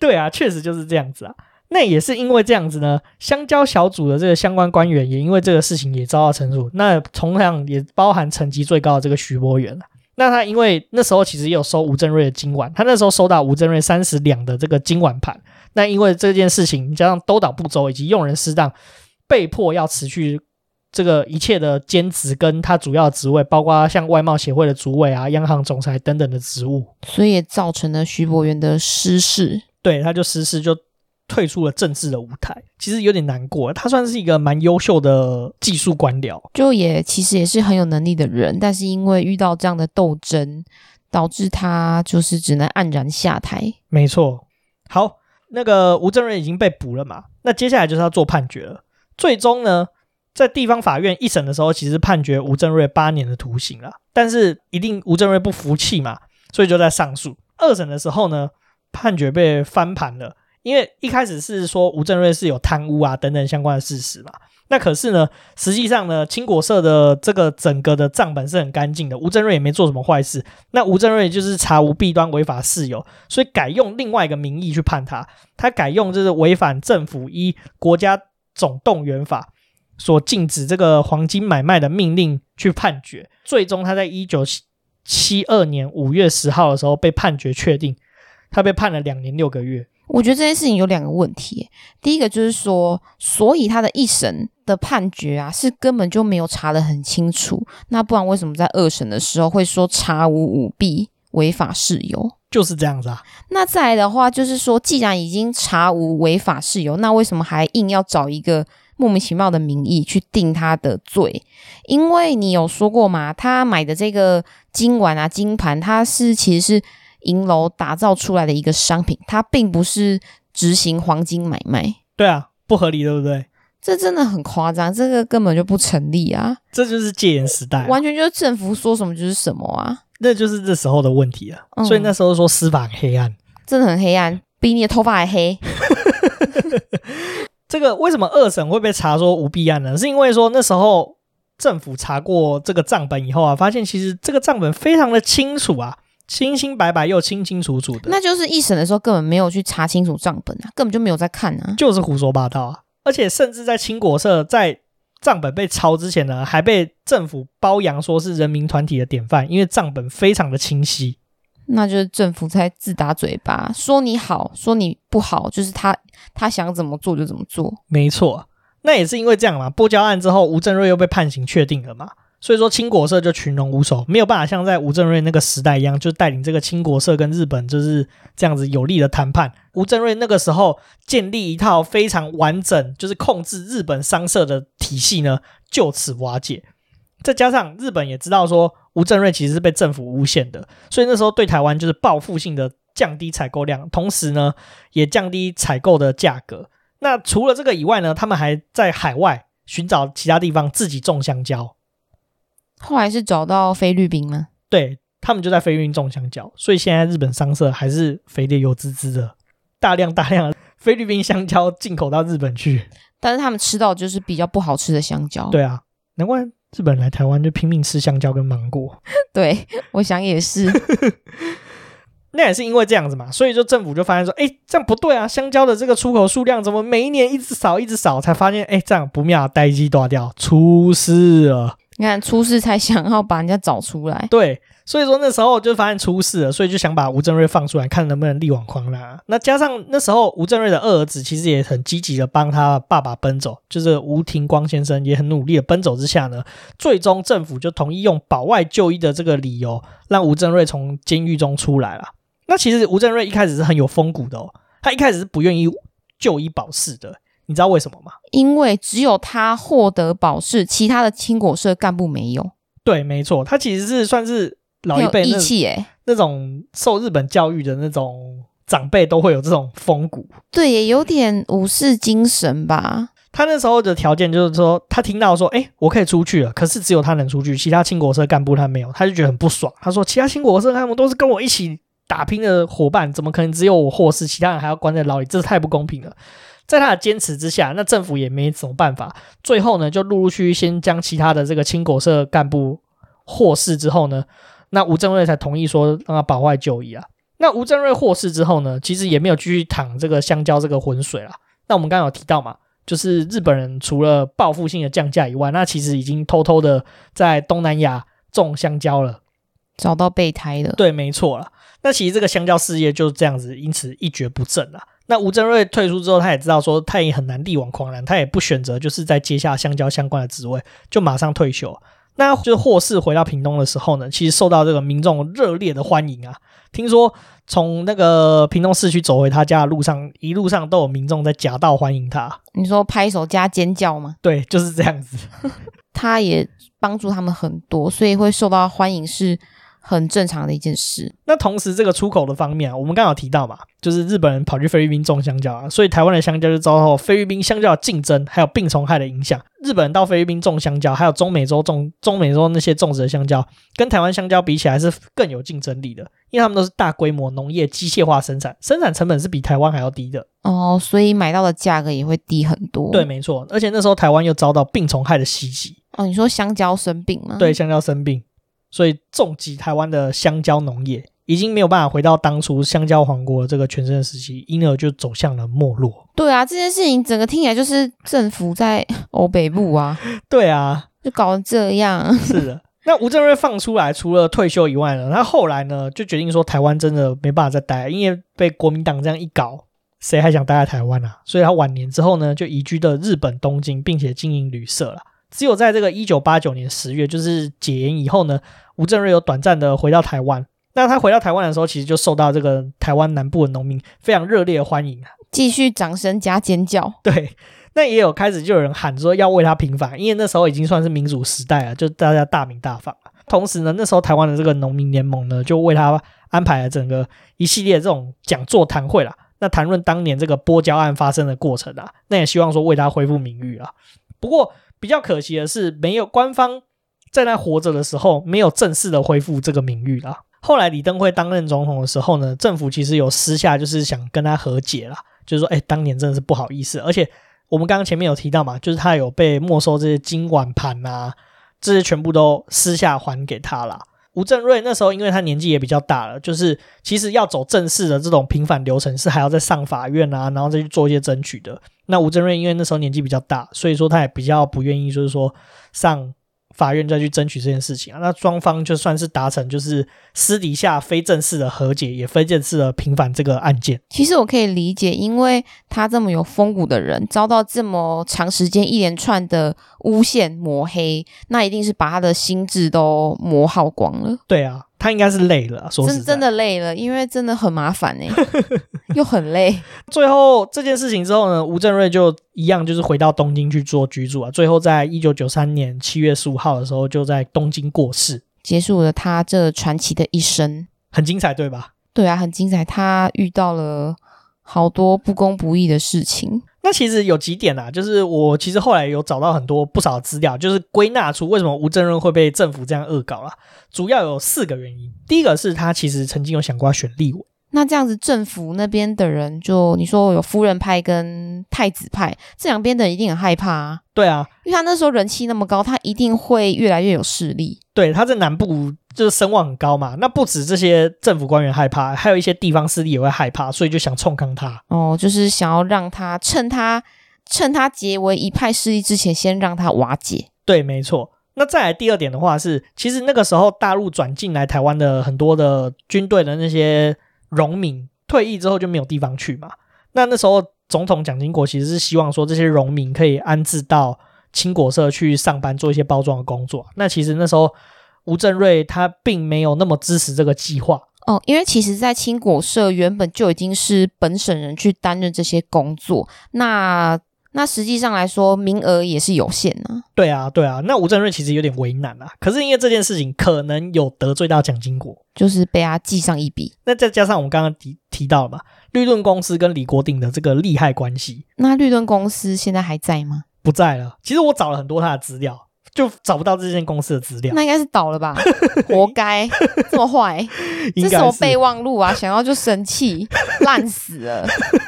Speaker 2: 對啊，確實就是這樣子啊。那也是因為這樣子呢，香蕉小組的這個相關官員也因為這個事情也遭到懲處。那同樣也包含層級最高的這個徐柏園。那他因為那時候其實也有收吳振瑞的金碗，他那時候收到吳振瑞三十兩的這個金碗盤。那因為這件事情加上督導不周以及用人失當，被迫要辭去這個一切的兼職跟他主要職位，包括像外貿協會的主委啊、央行總裁等等的職務。所以也造成了徐柏園的失勢。對，他就失勢，就退出了政治的舞台。其實有點難過，他算是一個蠻優秀的技術官僚，
Speaker 1: 就也其實也是很有能力的人。但是因為遇到這樣的鬥爭，導致他就是只能黯然下台。
Speaker 2: 沒錯，好，那個吳振瑞已經被捕了嘛？那接下來就是要做判決了。最終呢，在地方法院一審的時候，其實判決吳振瑞八年的徒刑了。但是一定吳振瑞不服氣嘛，所以就在上訴。二審的時候呢？判決被翻盤了，因為一開始是說吳振瑞是有貪污啊、等等相關的事實嘛。那可是呢，實際上呢，青果社的這個整個的賬本是很乾淨的，吳振瑞也沒做什麼壞事。那吳振瑞就是查無弊端、違法事由，所以改用另外一個名義去判他。他改用就是違反政府依國家總動員法所禁止這個黃金買賣的命令去判決。最終，他在一九七二年五月十號的時候被判決確定。他被判了兩年六個月。
Speaker 1: 我覺得這件事情有兩個問題。第一個就是說，所以他的一審的判決啊，是根本就沒有查得很清楚。那不然為什麼在二審的時候會說查無舞弊、違法事由？就是這樣子啊。那再來的話就是說，既然已經查無違法事由，那為什麼還硬要找一個莫名其妙的名義去定他的罪？因為你有說過嘛，他買的這個金碗啊、金盤，它是其實是。銀樓打造出來的一個商品，它並不是執行黃金買賣。
Speaker 2: 對啊，不合理，對不對？
Speaker 1: 這真的很誇張，這個根本就不成立啊！
Speaker 2: 這就是戒嚴時代，完
Speaker 1: 全就是政府說什麼就是什麼啊！
Speaker 2: 那就是這時候的問題啊！所以那時候說司法很黑暗、嗯，
Speaker 1: 真的很黑暗，比你的頭髮還黑。
Speaker 2: 這個為什麼二審會被查說無弊案呢？是因為說那時候政府查過這個賬本以後啊，發現其實這個賬本非常的清楚啊。清清白白又清清楚楚的。那
Speaker 1: 就是一審的時候根本沒有去查清楚賬本啊，根本就沒有在看啊，就是胡說八道啊！
Speaker 2: 而且甚至在青果社在賬本被抄之前呢，還被政府褒揚，說是人民團體的典範，因為賬本非常的清晰。
Speaker 1: 那就是政府在自打嘴巴，說你好，說你不好，就是他他想怎麼做就怎麼做。
Speaker 2: 沒錯，那也是因為這樣嘛，剝蕉案之後，吳振瑞又被判刑確定了嘛。所以說，青果社就群龍無首，沒有辦法像在吳振瑞那個時代一樣，就帶領這個青果社跟日本就是這樣子有力的談判。吳振瑞那個時候建立一套非常完整，就是控制日本商社的體系呢，就此瓦解。再加上日本也知道說吳振瑞其實是被政府誣陷的，所以那時候對台灣就是報復性的降低採購量，同時呢也降低採購的價格。那除了這個以外呢，他們還在海外尋找其他地方自己種香蕉。後來是找到菲律賓嗎？對，他們就在菲律賓種香蕉，所以現在日本商社，還是肥的油滋滋的，大量大量菲律賓香蕉進口到日本去。但是他們吃到就是比較不好吃的香蕉。對啊，難怪日本來台灣就拼命吃香蕉跟芒果。
Speaker 1: 對，我想也是。
Speaker 2: 那也是因為這樣子嘛，所以就政府就發現說，哎，這樣不對啊，香蕉的這個出口數量怎麼每一年一直少一直少？才發現，哎，這樣不妙，代誌大條，出事了。
Speaker 1: 你看出事才想要把人家找出來，
Speaker 2: 對，所以說那時候就發現出事了，所以就想把吳振瑞放出來，看能不能力挽狂瀾。那加上那時候吳振瑞的二兒子其實也很積極的幫他爸爸奔走，就是吳庭光先生也很努力的奔走之下呢，最終政府就同意用保外就醫的這個理由，讓吳振瑞從監獄中出來了。那其實吳振瑞一開始是很有風骨的哦，他一開始是不願意就醫保釋的。你知道為什麼嗎？
Speaker 1: 因為只有他獲得保釋，其他的青果社幹部沒有。
Speaker 2: 對，沒錯，他其實是算是老一輩，義氣哎，那種受日本教育的那種長輩都會有這種風骨。
Speaker 1: 對，也有點武士精神吧。
Speaker 2: 他那時候的條件就是說，他聽到說，哎、欸，我可以出去了，可是只有他能出去，其他青果社幹部他沒有，他就覺得很不爽。他說，其他青果社幹部都是跟我一起打拼的夥伴，怎麼可能只有我獲釋，其他人還要關在牢裡？這是太不公平了。在他的堅持之下，那政府也沒什麼辦法。最後呢，就陸陸續續先將其他的這個青果社幹部獲釋之後呢，那吳振瑞才同意說讓他保外就醫啊。那吳振瑞獲釋之後呢，其實也沒有繼續淌這個香蕉這個渾水啊。那我們剛有提到嘛，就是日本人除了報復性的降價以外，那其實已經偷偷的在東南亞種香蕉了，找到備胎了。對，沒錯了。那其實這個香蕉事業就這樣子，因此一蹶不振了。那吳振瑞退出之後，他也知道說，他也很難力挽狂瀾，他也不選擇就是在接下香蕉相關的職位，就馬上退休。那就是獲釋回到屏東的時候呢，其實受到這個民眾熱烈的歡迎啊。聽說從那個屏東市區走回他家的路上，一路上都有民眾在夾道歡迎他。你說
Speaker 1: 拍手加尖叫嗎？
Speaker 2: 對，就是這樣子。
Speaker 1: 他也幫助他們很多，所以會受到歡迎是很正常的一件事。
Speaker 2: 那同時，這個出口的方面，我們剛剛有提到嘛，就是日本人跑去菲律賓種香蕉啊，所以台灣的香蕉就遭到菲律賓香蕉的競爭，還有病蟲害的影響。日本人到菲律賓種香蕉，還有中美洲種，中美洲那些種植的香蕉，跟台灣香蕉比起來是更有競爭力的，因為他們都是大規模農業機械化生產，生產成本是比台灣還要低的。
Speaker 1: 哦，所以買到的價格也會低很多。對，沒
Speaker 2: 錯。而且那時候台灣又遭到病蟲害的襲擊。
Speaker 1: 哦，你說香蕉生病嗎？對，香
Speaker 2: 蕉生病。所以重擊台灣的香蕉農業，已經沒有辦法回到當初香蕉王國這個全盛時期，因而就走向了沒落。
Speaker 1: 對啊，這件事情整個聽起來就是政府在歐北部啊。對啊，就搞這樣。是的。
Speaker 2: 那吳振瑞放出來，除了退休以外呢？他後來呢，就決定說台灣真的沒辦法再待，因為被國民黨這樣一搞，誰還想待在台灣啊？所以他晚年之後呢，就移居的日本東京，並且經營旅社了。只有在這個一九八九年十月，就是解嚴以後呢，吳振瑞有短暫的回到台灣。那他回到台灣的時候，其實就受到這個台灣南部的農民非常熱烈的歡迎啊，繼續掌聲加尖叫。對，那也有開始就有人喊說要為他平反，因為那時候已經算是民主時代了，就大家大鳴大放了。同時呢，那時候台灣的這個農民聯盟呢，就為他安排了整個一系列這種講座談會啦，那談論當年這個剝蕉案發生的過程啊，那也希望說為他恢復名譽啊。不過。比較可惜的是，沒有官方在他活着的時候沒有正式的恢復這個名譽啦。後來李登輝當任總統的時候呢，政府其實有私下就是想跟他和解啦，就是說，欸，誒當年真的是不好意思。而且我們剛剛前面有提到嘛，就是他有被沒收這些金碗盤啊，這些全部都私下還給他啦。吳振瑞那時候，因為他年紀也比較大了，就是其實要走正式的這種平反流程，是還要再上法院啊，然後再去做一些爭取的。那吳振瑞因為那時候年紀比較大，所以說他也比較不願意，就是說上。法院再去爭取這件事情啊，那雙方就算是達成，就是私底下非正式的和解，也非正式的平反這個案件。其
Speaker 1: 實我可以理解，因為他這麼有風骨的人，遭到這麼長時間一連串的誣陷、抹黑，那一定是把他的心智都磨耗光了。
Speaker 2: 對啊。他應該是累了，說真，
Speaker 1: 真的累了，因為真的很麻煩哎、欸， 又很累。
Speaker 2: 最後這件事情之後呢，吳振瑞就一樣就是回到東京去做居住啊。最後在一九九三年七月十五號的時候，就在東京過世，結束了他這傳奇的一生，很精彩，對吧？
Speaker 1: 對啊，很精彩。他遇到了好多不公不義的事情。
Speaker 2: 那其實有幾點啦、啊，就是我其實後來有找到很多不少資料，就是歸納出為什麼吳振瑞會被政府這樣惡搞啦、啊，主要有四個原因。第一個是他其實曾經有想過要選立委。
Speaker 1: 那這樣子，政府那邊的人就你說有夫人派跟太子派這兩邊的人一定很害怕啊。對啊，因為他那時候人氣那麼高，他一定會越來越有勢力。
Speaker 2: 對，他在南部就是聲望很高嘛，那不止這些政府官員害怕，還有一些地方勢力也會害怕，所以就想沖康他。
Speaker 1: 哦，就是想要讓他趁他趁他結為一派勢力之前，先讓他瓦解。
Speaker 2: 對，沒錯。那再來第二點的話是，其實那個時候大陸轉進來台灣的很多的軍隊的那些。榮民退役之後就沒有地方去嘛。那那時候總統蔣經國其實是希望說，這些榮民可以安置到青果社去上班，做一些包裝的工作。那其實那時候吳振瑞他並沒有那麼支持這個計劃
Speaker 1: 哦，因為其實在青果社原本就已經是本省人去擔任這些工作。那
Speaker 2: 那實際上
Speaker 1: 來說，名額也是有限啊。
Speaker 2: 對啊，對啊。那吳振瑞其實有點為難啊。可是因為這件事情，可能有得罪到蔣經國，
Speaker 1: 就是被他記上一筆。
Speaker 2: 那再加上我們剛剛提提到嘛，綠盾公司跟李國鼎的這個利害關係。
Speaker 1: 那綠盾公司現在還在
Speaker 2: 嗎？不在了。其實我找了很多他的資料，就找不到這間公司的資料。那應
Speaker 1: 該是倒了吧？ 活該這麼壞、欸。 這是什麼備忘錄啊？ 想要就生氣，爛
Speaker 2: 死了。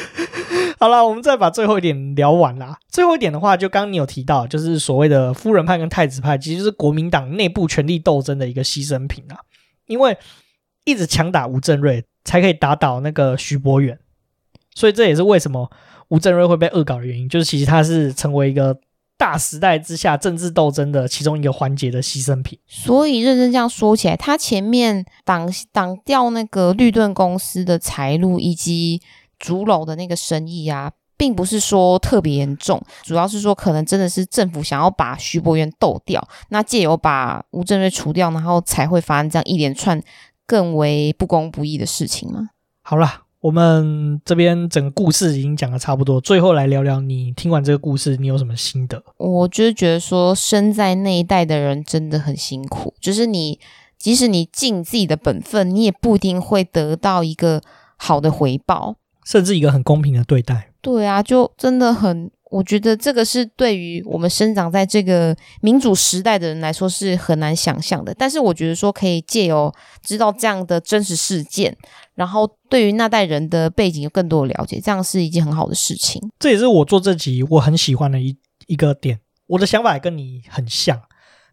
Speaker 2: 好了，我們再把最後一點聊完啦。最後一點的話，就剛剛你有提到，就是所謂的“夫人派”跟“太子派”，其實就是國民黨內部權力鬥爭的一個犧牲品啊。因為一直強打吳振瑞，才可以打倒那個徐柏園，所以這也是為什麼吳振瑞會被惡搞的原因。就是其實他是成為一個大時代之下政治鬥爭的其中一個環節的犧牲品。
Speaker 1: 所以認真這樣說起來，他前面擋擋掉那個綠盾公司的財路，以及竹樓的那個生意啊，並不是說特別嚴重，主要是說可能真的是政府想要把徐柏園鬥掉，那借由把吳振瑞除掉，然後才會發生這樣一連串更為不公
Speaker 2: 不義的事情嘛。好啦，我們這邊整個故事已經講的差不多，最後來聊聊，你聽完這個故事，你有什麼心得？
Speaker 1: 我就是覺得說，生在那一代的人真的很辛苦，就是你即使你盡自己的本分，你也不一定會得到一個好的回報。
Speaker 2: 甚至一個很公平的對待，對啊，就
Speaker 1: 真的很，我覺得這個是對於我們生長在這個民主時代的人來說是很難想象的。但是我覺得說可以借由知道這樣的真實事件，然後對於那代人的背景有更多的了解，這樣是一件很好的事情。
Speaker 2: 這也是我做這集我很喜歡的一一個點。我的想法跟你很像。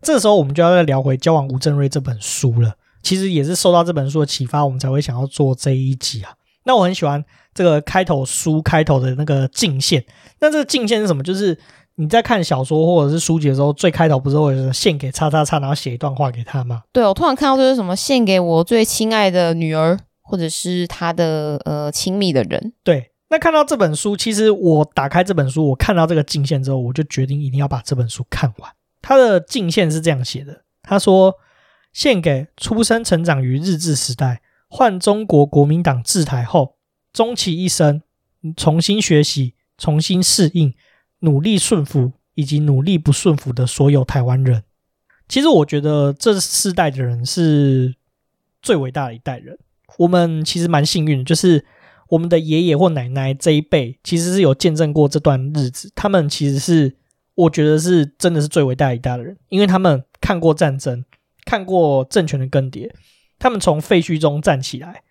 Speaker 2: 這個時候，我們就要再聊回《蕉王吳振瑞》這本書了。其實也是受到這本書的啟發，我們才會想要做這一集啊。那我很喜歡。這個開頭書開頭的那個敬獻，那這個敬獻是什麼？就是你在看小說或者是書籍的時候，最開頭不是會獻給叉叉叉，然後寫一段話給他嗎？
Speaker 1: 對，我突然看到這是什麼，獻給我最親愛的女兒，或者是他的呃親密的人。
Speaker 2: 對，那看到這本書，其實我打開這本書，我看到這個敬獻之後，我就決定一定要把這本書看完。他的敬獻是這樣寫的，他說：“獻給出生、成長於日治時代，換中國國民黨治台後。”終其一生，重新學習、重新適應、努力順服以及努力不順服的所有台灣人。其實我覺得這世代的人是最偉大的一代人。我們其實蠻幸運的，就是我們的爺爺或奶奶這一輩，其實是有見證過這段日子。他們其實是，我覺得是真的是最偉大的一代的人，因為他們看過戰爭，看過政權的更迭，他們從廢墟中站起來。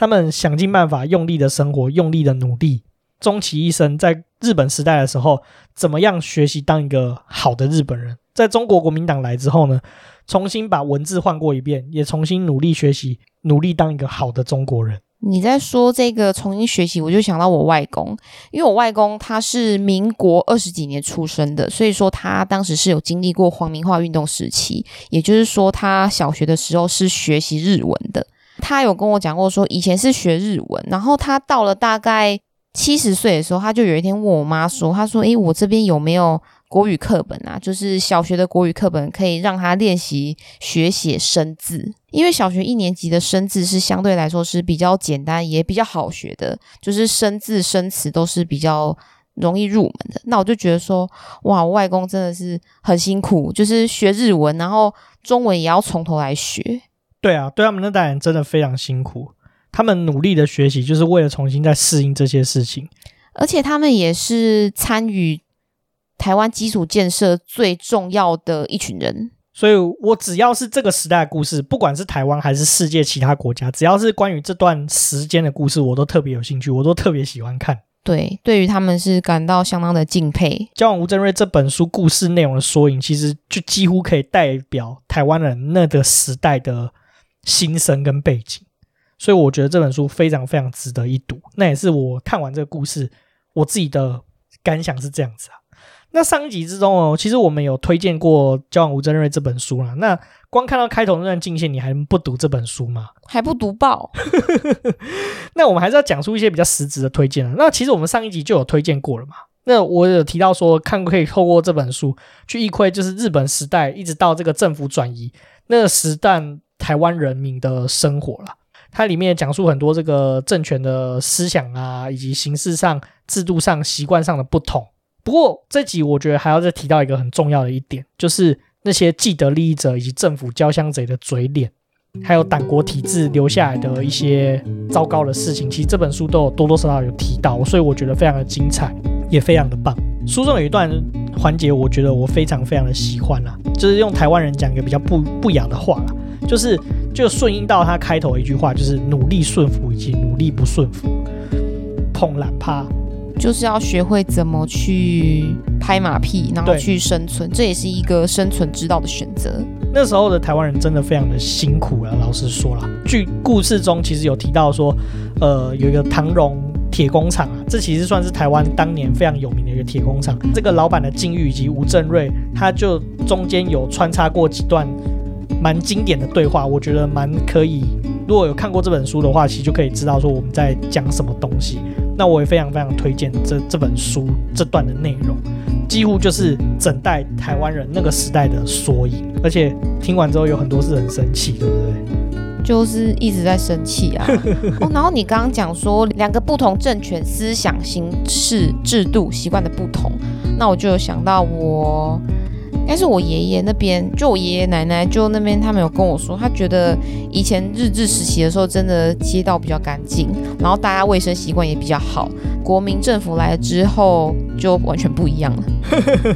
Speaker 2: 他們想盡辦法，用力的生活，用力的努力，終其一生。在日本時代的時候，怎麼樣學習當一個好的日本人？在中國國民黨來之後呢，重新把文字換過一遍，也重新努力學習，努力當一個好的中國人。
Speaker 1: 你在說這個重新學習，我就想到我外公，因為我外公他是民國二十幾年出生的，所以說他當時是有經歷過黃民化運動時期，也就是說他小學的時候是學習日文的。他有跟我講過，說以前是學日文，然後他到了大概七十歲的時候，他就有一天問我媽說：“他說，誒，我這邊有沒有國語課本啊？就是小學的國語課本，可以讓他練習學寫生字。因為小學一年級的生字是相對來說是比較簡單，也比較好學的，就是生字生詞都是比較容易入門的。那我就覺得說，哇，我外公真的是很辛苦，就是學日文，然後中文也要從頭來學。”
Speaker 2: 對啊，對他們那代人真的非常辛苦，他們努力的學習就是為了重新再適應這些事情，
Speaker 1: 而且他們也是參與台灣基礎建設最重要的一群人。
Speaker 2: 所以，我只要是這個時代的故事，不管是台灣還是世界其他國家，只要是關於這段時間的故事，我都特別有興趣，我都特別喜歡看。
Speaker 1: 對，對於他們是感到相當的敬佩。
Speaker 2: 蕉王吳振瑞這本書故事內容的縮影，其實就幾乎可以代表台灣人那個時代的。心聲跟背景，所以我覺得這本書非常非常值得一讀。那也是我看完這個故事，我自己的感想是這樣子啊。那上一集之中哦，其實我們有推薦過《蕉王吳振瑞》這本書啦。那光看到開頭那段境線，你還不讀這本書嗎？還不讀報？ 那我們還是要講出一些比較實質的推薦啊。那其實我們上一集就有推薦過了嘛。那我有提到說，看可以透過這本書去一窺，就是日本時代一直到這個政府轉移那個時代。台灣人民的生活了，它裡面講述很多這個政權的思想啊，以及形式上、制度上、習慣上的不同。不過這集我覺得還要再提到一個很重要的一點，就是那些既得利益者以及政府交相賊的嘴臉，還有黨國體制留下來的一些糟糕的事情，其實這本書都有多多少少有提到，所以我覺得非常的精彩，也非常的棒。書中有一段環節，我覺得我非常非常的喜歡啊，就是用台灣人講一個比較不不雅的話啦。就是就順應到他開頭一句話，就是努力順服以及努力不順服，碰懶趴，就是要學會
Speaker 1: 怎麼去拍馬屁，然後去生存，這也是一個生存之道的選擇。
Speaker 2: 那時候的台灣人真的非常的辛苦啊，老實說啦，據故事中其實有提到說，呃，有一個唐榮鐵工廠啊，這其實算是台灣當年非常有名的一個鐵工廠。這個老闆的境遇以及吳振瑞，他就中間有穿插過幾段。蠻經典的對話，我覺得蠻可以。如果有看過這本書的話，其實就可以知道說我們在講什麼東西。那我也非常非常推薦這這本書這段的內容，幾乎就是整代台灣人那個時代的縮影。而且聽完之後，有很多是很生氣，對不對？
Speaker 1: 就是一直在生氣啊。 哦，然後你剛剛講說兩個不同政權、思想、形式、制度、習慣的不同，那我就有想到我。但是我爺爺那邊，就我爺爺奶奶就那邊，他們有跟我說，他覺得以前日治時期的時候，真的街道比較乾淨，然後大家衛生習慣也比較好。國民政府來了之後，
Speaker 2: 就完全不一樣了，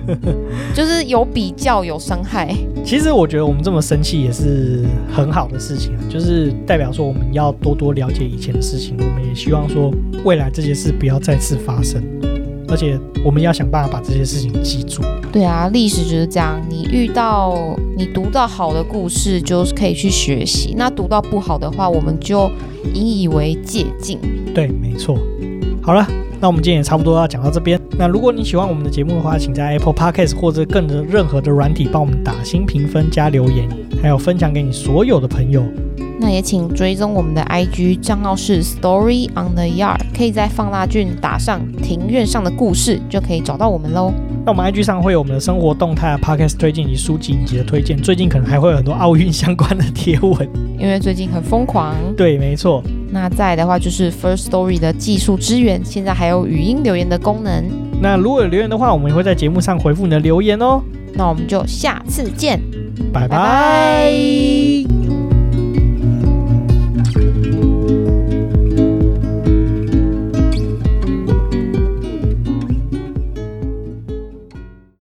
Speaker 1: 就是有比較，有傷害。
Speaker 2: 其實我覺得我們這麼生氣也是很好的事情啊，就是代表說我們要多多了解以前的事情，我們也希望說未來這些事不要再次發生。而且我們要想辦法把這些事情記住。
Speaker 1: 對啊，歷史就是這樣。你遇到、你讀到好的故事，就是可以去學習；那讀到不好的話，我們就引
Speaker 2: 以為戒。進對，沒錯。好了，那我們今天也差不多要講到這邊。那如果你喜歡我們的節目的話，請在 Apple Podcast 或者更多任何的軟體幫我們打新評分、加留言，還有分享給你所有的朋友。
Speaker 1: 那也請追蹤我們的 IG 賬號是 Story on the Yard，可以在放大鏡打上“庭院上的故事”就可以找到我們嘍。
Speaker 2: 那我們 IG 上會有我們的生活動態、Podcast 推薦以及書籍影集的推薦，最近可能還會有很多奧運相關的貼文，
Speaker 1: 因為最近很瘋狂。 對，沒錯。那再的話就是 Firstory 的技術支援，現在還有語音留言的功能。
Speaker 2: 那如果有留言的話，我們也會在節目上回復你的留言哦。
Speaker 1: 那我們就下次見，
Speaker 2: 拜拜。Bye bye